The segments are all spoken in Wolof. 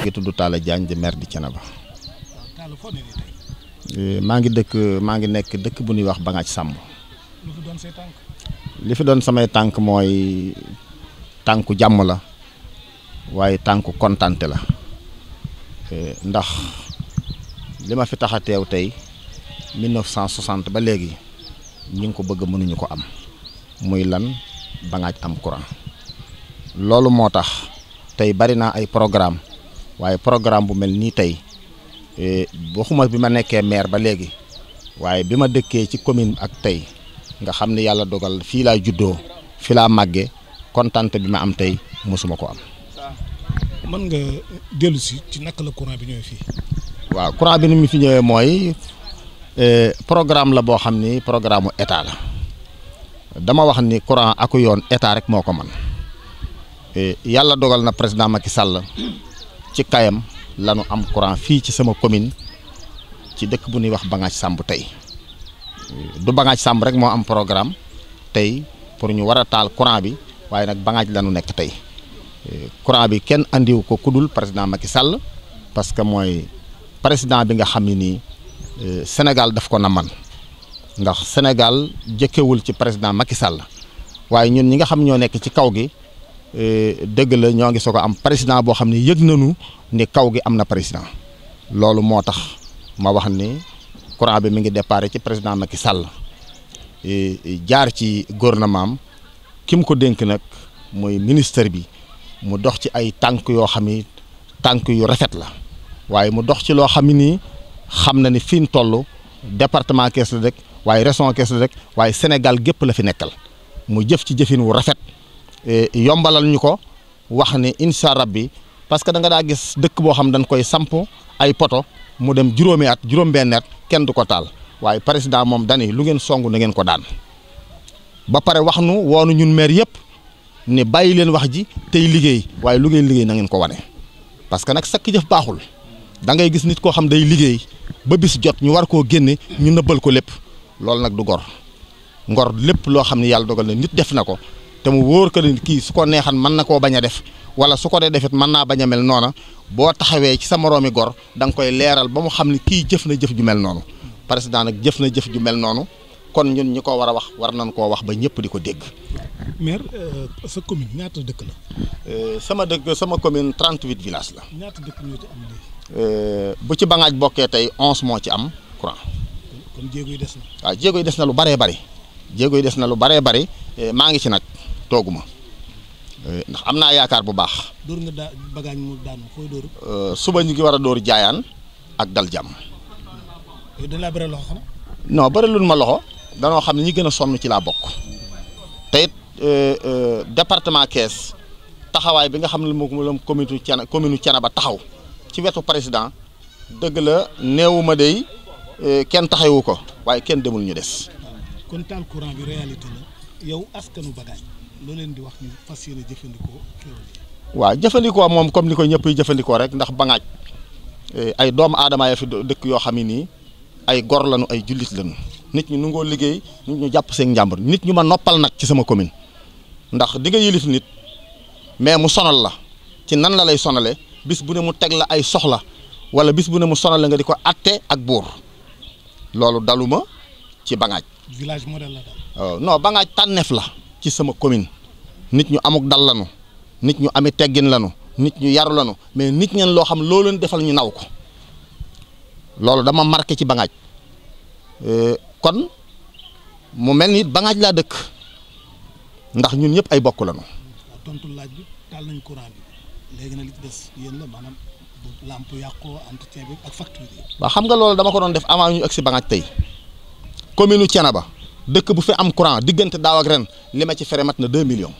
ngi tudd Talla Diagne di maire di eh, maa ngi dëkk maa ngi nekk dëkk bu ñuy wax Bangaaj Samb li fi doon samay tànk mooy tànku jàmm la waaye tànku kontante la eh, ndax li ma fi tax a teew tey 1960 ba léegi ñu ngi ko bëgg mënuñu ko am muy lan Bangaaj am courant loolu moo tax tey bari naa ay programme waaye programme bu mel nii tey e, waxuma bi ma nekkee maire ba léegi waaye bi ma dëkkee ci commune ak tey nga xam ne yàlla dogal fii laa juddoo fi laa màggee kontante bi ma am tey mosuma ko am. mën nga dellu si ci naka la courant bi ñëwee fii. waaw courant bi ni fi ñëwee mooy e, programme la boo xam ni programme mu état la dama wax ni courant aku yoon état rek moo ko man e, yàlla dogal na président Macky Sall. ci kayam lanu am courant fii ci sama commune ci dëkk bu ñuy wax Bangaaj Samb tey du Bangaaj Samb rek moo am programme tey pour ñu war a taal courant bi waaye nag Bangaaj lanu nekk tey courant bi kenn andiwu ko kudul président Macky Sall parce que mooy président bi nga xam ne nii euh, Sénégal daf ko naman ndax Sénégal jëkkewul ci président Macky Sall waaye ñun ñi nga xam ñoo nekk ci kaw gi Eh, dëgg la ñoo ngi soog a am président boo xam ne yëg nañu ni kaw gi am na président loolu moo tax ma wax ni courant bi mi ngi déparé ci président Macky Sall eh, jaar ci gouvernement am ki mu ko dénk nag mooy ministère bi mu dox ci ay tànk yoo xam ni tànk yu rafet la waaye mu dox ci loo xam ni xam na ni fi mu toll département Kees la rek waaye région Kees la rek waaye Sénégal gépp la fi nekkal mu jëf ci jëfin wu rafet. Eh, yombalal ñu ko wax ne incha rabbi parce que da nga daa gis dëkk boo xam dañ koy samp ay poto mu dem juróomi at juróom-benn at kenn du ko taal waaye président moom dani lu ngeen song na ngeen ko daan ba pare wax nu woonu ñun meer yëpp ni bàyyi leen wax ji tey liggéey waaye lu ngeen liggéey na ngeen ko wane parce que nag sakk jëf baaxul da ngay gis nit koo xam day liggéey ba bis jot ñu war koo génne ñu nëbbal ko lépp loolu nag du gor ngor lépp loo xam ne yàlla dogal na nit def na ko te mu wóor que ni kii su ko neexan mën na koo bañ a def wala su ko dee defit mën naa bañ a mel noona boo taxawee ci sa moroomi gor danga koy leeral ba mu xam ni kii jëf na jëf ju mel noonu président nag jëf na jëf ju mel noonu kon ñun ñi ko war a wax war nañ koo wax ba ñëpp di ko dégg. maire euh, sa commune dëkk la. Euh, sama dëkk sama commune 38 villages la. ñaata dëkk euh, bu ci Bangaaj bokkee tey 11 moo ci am courant. kon jéego des na. waaw des na lu baree bari jéego des na lu baree bari maa ngi ci nag. tooguma ma eh, ndax am naa yaakaar bu baax. dóor nga daa bagaañ mu daanu fooy dóor. Eh, suba ñu ngi war a dóor jaayaan ak dal jàmm. dañ laa bëri loxo bëri luñ ma loxo danoo xam ne ñi gën a sonn ci laa bokk te it eh, département Kees taxawaay bi nga xam ne moom la commune Thiéna commune Thiénaba taxaw ci wetu président dëgg la ma dey kenn taxewu ko waaye kenn demul ñu des. kon taal courant bi réalité yow askanu bagaañ. loo leen di wax ñu fas jëfandikoo waaw jëfandikoo moom comme ni ko ñëpp yi jëfandikoo rek ndax bangaaj eh, ay doomu aadama ya fi dëkk yoo xam ne nii ay gor lañu ay jullit lañu nit ñi nu liggéey nit ñu jàpp seen njàmbur nit ñu ma noppal nag ci sama commune ndax di nga yilif nit mais mu sonal la ci nan la lay sonale bis bu ne mu teg la ay soxla wala bis bu ne mu sonal nga di ko atte ak buur loolu daluma ci bangaaj village modèle la daal oh, non bangaaj tànneef la ci sama commune nit ñu amuk dal lanu nit ñu ami teggin lanu nit ñu yaru lanu mais nit ñeen loo xam loo leen defal ñu naw ko loolu dama marqué ci bangaaj euh, kon mu mel ni bangaaj laa dëkk ndax ñun ñëpp ay bokk lanu tontu laaj bi taal nañ courant bi léegi nag li des yéen la maanaam lamp yàqoo entretien bi ak facture yi. xam nga loolu dama ko doon def avant ñu agsi bangaaj tey communu u Thiénaba dëkk bu fi am courant diggante daaw ak ren li ma ci fere mat na 2 millions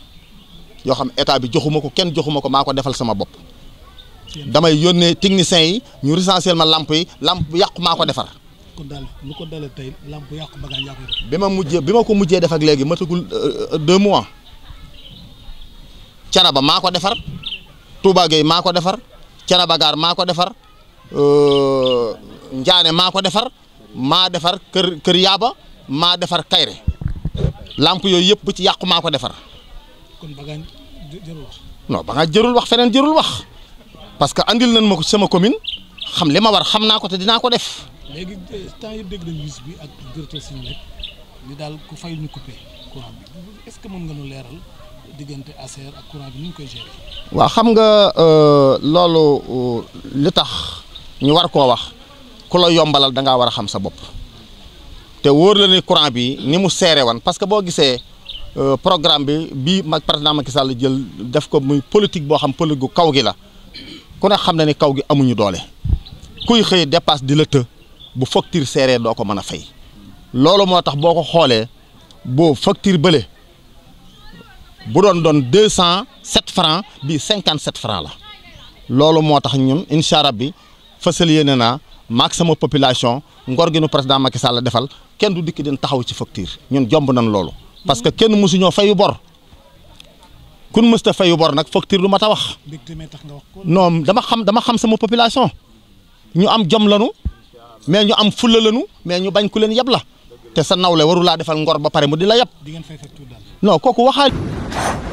yoo xam état bi joxuma ko kenn joxuma ko maa ko defal sama bopp damay yónnee techniciens yi ñu recensé ma lamp yi lamp yàqu maa ko defar. kon daal ko dalee tey lamp yàqu bagaan yaa koy def. bi ma mujjee bi ma ko mujjee def ak léegi matagul 2 euh, euh, mois Canaba maa ko defar Touba yi maa ko defar Canaba Gaar maa ko defar euh, Njaane maa ko defar maa defar Kër Kër Yaaba. maa defar kayre làmp yooyu yëpp bu ci yàqu maa ko defar. kon ba ngaa jërul wax. ba ngaa wax feneen jërul wax parce que andil nañ ma sama commune xam li ma war xam naa ko te dinaa ko def. léegi euh, temps yëpp dégg nañu bi ak directeur suñu daal ku fay ñu coupé courant ce que mën nga ñu leeral diggante ASER ak courant bi ni ñu koy xam nga euh, loolu euh, li tax ñu war koo wax ku la yombalal da ngaa war a xam sa bopp. te wóor la ni courant bi ni mu seere wan parce que boo gisee euh, programme bi bii mag président Macky Sall jël def ko muy politique boo xam politique gu kaw gi la ku ne xam na ni kaw gi amuñu doole kuy xëy dépasse di la të bu facture seeree doo ko mën a fay loolu moo tax boo ko xoolee boo facture bële bu doon doon deux cent sept francs bii cinquante sept francs la loolu moo tax ñun incha bi fësal yéene naa maak sama population ngor gi nu président Macky Sall defal kenn du dikk den taxaw ci facture ñun jomb nañ loolu. parce que kenn mësuñoo fayu bor. kun mës ta fayu bor nag facture lu ma ta wax. tax nga wax ko. non dama xam dama xam sama population. ñu am jom lanu mais ñu am fulla lanu mais ñu bañ ku leen yab la te sa nawle waru laa defal ngor ba pare mu di la yab. di ngeen fay facture daal kooku waxaat.